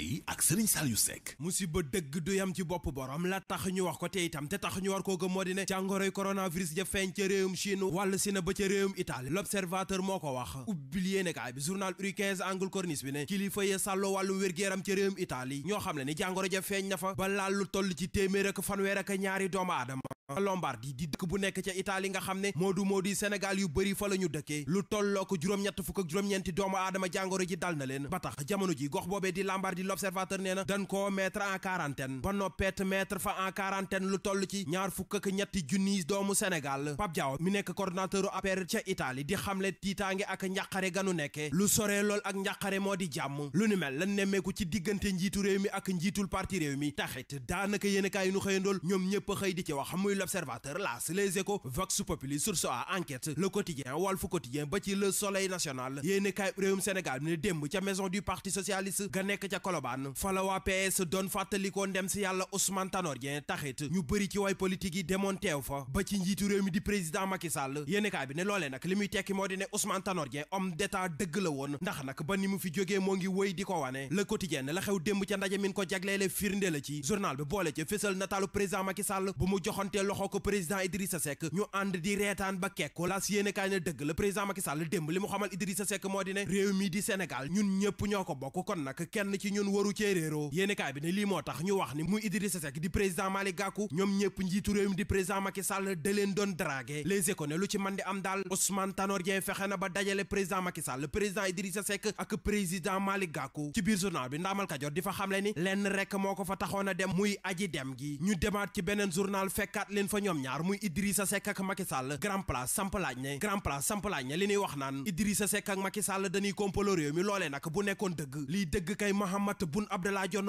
yi ak Serigne Saliou Seck musiba dëgg du ci bopp borom la tax ñu wax ko te itam te tax ñu war koo gëm moo di ne jàngoroy coronavirus ja feeñ ca réewum Chine wàll si na ba ca réewum Italie l'observateur moo ko wax ubbil yéenekaay bi journal Uri angle corniche bi ne kilifa ya sàllo wàllu wér-gu-yaram ca réewum Italie ñoo xam ne ni jàngoro ja feeñ na fa ba laal lu ci téeméer ak fanweer ak ñaari doomu aadama Lombardie di dëkk bu nekk ca Italie nga xam ne moodu moodi Sénégal yu bëri fa la ñu dëkkee lu tolloo ko juróom-ñett fukk ak juróom-ñeenti doomu aadama jàngoro ji dal na leen ba tax jamono ji gox boobee di Lombardie l'Observateur nee na dañ koo mettre en quarantaine ba noppeet mettre fa en quarantaine lu toll ci ñaar fukk ak ñetti junniy doomu Sénégal Pape Diaw mi nekk coordonnateur APR ca Italie di xamle tiitaange ak njàqare ganu nekke lu soree lool ak njàqare moo di jàmm lu ni mel lan nemmeeku ci diggante njiitu mi ak njiitul parti réew mi taxit daanaka yéen nu xëyandool ñoom ñëpp l'observateur las les échos vox populi source a enquête le quotidien Walf quotidien ba ci le soleil national yéeni kaay Sénégal ne démb maison du parti socialiste ga nekk ca Colobane fa la waa PS doon fàttalikoo ndem si yàlla Ousmane Tanorien, Dieng ñu bëri ci way politique yi demoon teew fa ba ci di président Macky Sall yéeni kaay bi ne loolee nag tekki Ousmane Tanorien, homme d'état dëgg la woon ndax ba ni fi ngi le quotidien la xew démb ca ndaje min ko jagleele journal bi boole ca fésal président Macky Sall bu mu joxanteel loxo ko président Idrissa Seck ñu ànd di reetaan ba kekku las yéene kaay ne dëgg la président Macky démb li mu xamal Idrissa Seck moo di ne réew mi di Sénégal ñun ñëpp ñoo ko bokk kon nag kenn ci ñun waru cee réeroo kaay bi ne lii moo tax ñu wax ni mu Idrissa Seck di président Malick Gakou ñoom ñëpp njiitu réew mi di président Macky Sall da leen doon dragué les éco lu ci man di am daal Ousmane Tanor fexe na ba dajale président Macky Sall a leen fa ñoom ñaar muy Idrissa Seck ak Macky grand place samp laaj grand place samp laaj li ñuy wax naan Idrissa Seck ak Macky Sall kompolo réew mi loolee nag bu nekkoon dëgg liy dëgg kay Mahammed Boun Abdallah Dionne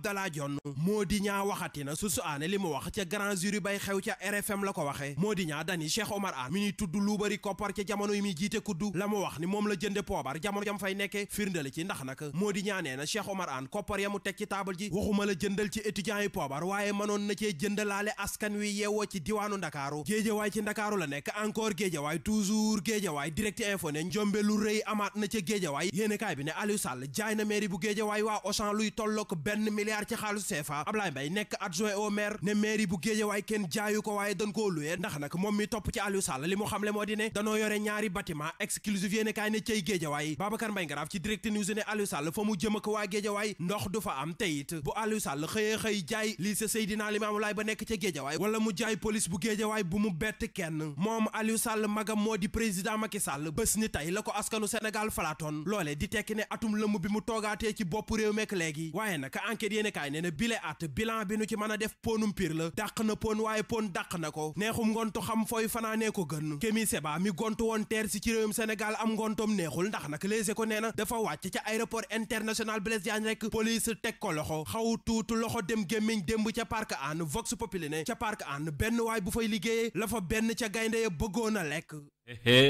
da ni moo di ñaa waxati rawatina susu aane li mu wax ca grand jury bay xew ca RFM la ko waxee moo di ñaa dani Cheikh Omar Anne mi ñuy tudd lu bari koppar ca jamono yi muy jiite kuddu la mu wax ni moom la jënde poobar jamono jam fay nekke firndale ci ndax nag moo di ñaa nee na Cheikh Omar Anne koppar ya mu teg ci taabal ji waxuma la jëndal ci étudiants yi poobar waaye mënoon na cee jëndalaale askan wi yeewoo ci diwaanu ndakaaru géejawaay ci ndakaaru la nekk encore géejawaay toujours géejawaay direct info ne njombe lu rëy amaat na ca géejawaay yéenekaay bi ne Aliou Sall jaay na mairie bu géejawaay waa Auchan luy tollook benn milliard ci xaalis CFA Ablaye Mbaye nekk adjoint au maire ne mairie bu Géejawaay kenn jaayu ko waaye dañ koo luye ndax nag moom mi topp ci Aliou Sall li mu xamle moo di ne danoo yore ñaari bâtiment exclusive yéene kaay ne cay Géejawaay Babacar Mbaye Ngaraaf ci direct news ne Aliou Sall fa mu jëm ak waa Géejawaay ndox du fa am teyit bu Aliou Sall xëyee xëy jaay lycée Seydina Limamou Laye ba nekk ca Géejawaay wala mu jaay police bu Géejawaay bu mu bett kenn moom Aliou Sall magam moo di président Macky Sall bés ni tey la ko askanu Sénégal falaatoon loole di tekki ne atum lëmb bi mu toogaatee ci bopp réew mekk léegi waaye nag enquête mën a def ponum piir la dàq na pon waaye pon dàq na ko neexum ngont xam fooy fanaanee ko gën Kémi Seba mi gont woon teer si ci réewum Sénégal am ngontom neexul ndax nag léegi ko nee na dafa wàcc ca aéroport international Blaise Diagne rek police teg ko loxo xaw tuutu loxo dem gémmiñ démb ca park an Vox Populi ne ca parc an benn waay bu fay liggéeyee la fa benn ca gaynde ya bëggoon a lekk eh, eh.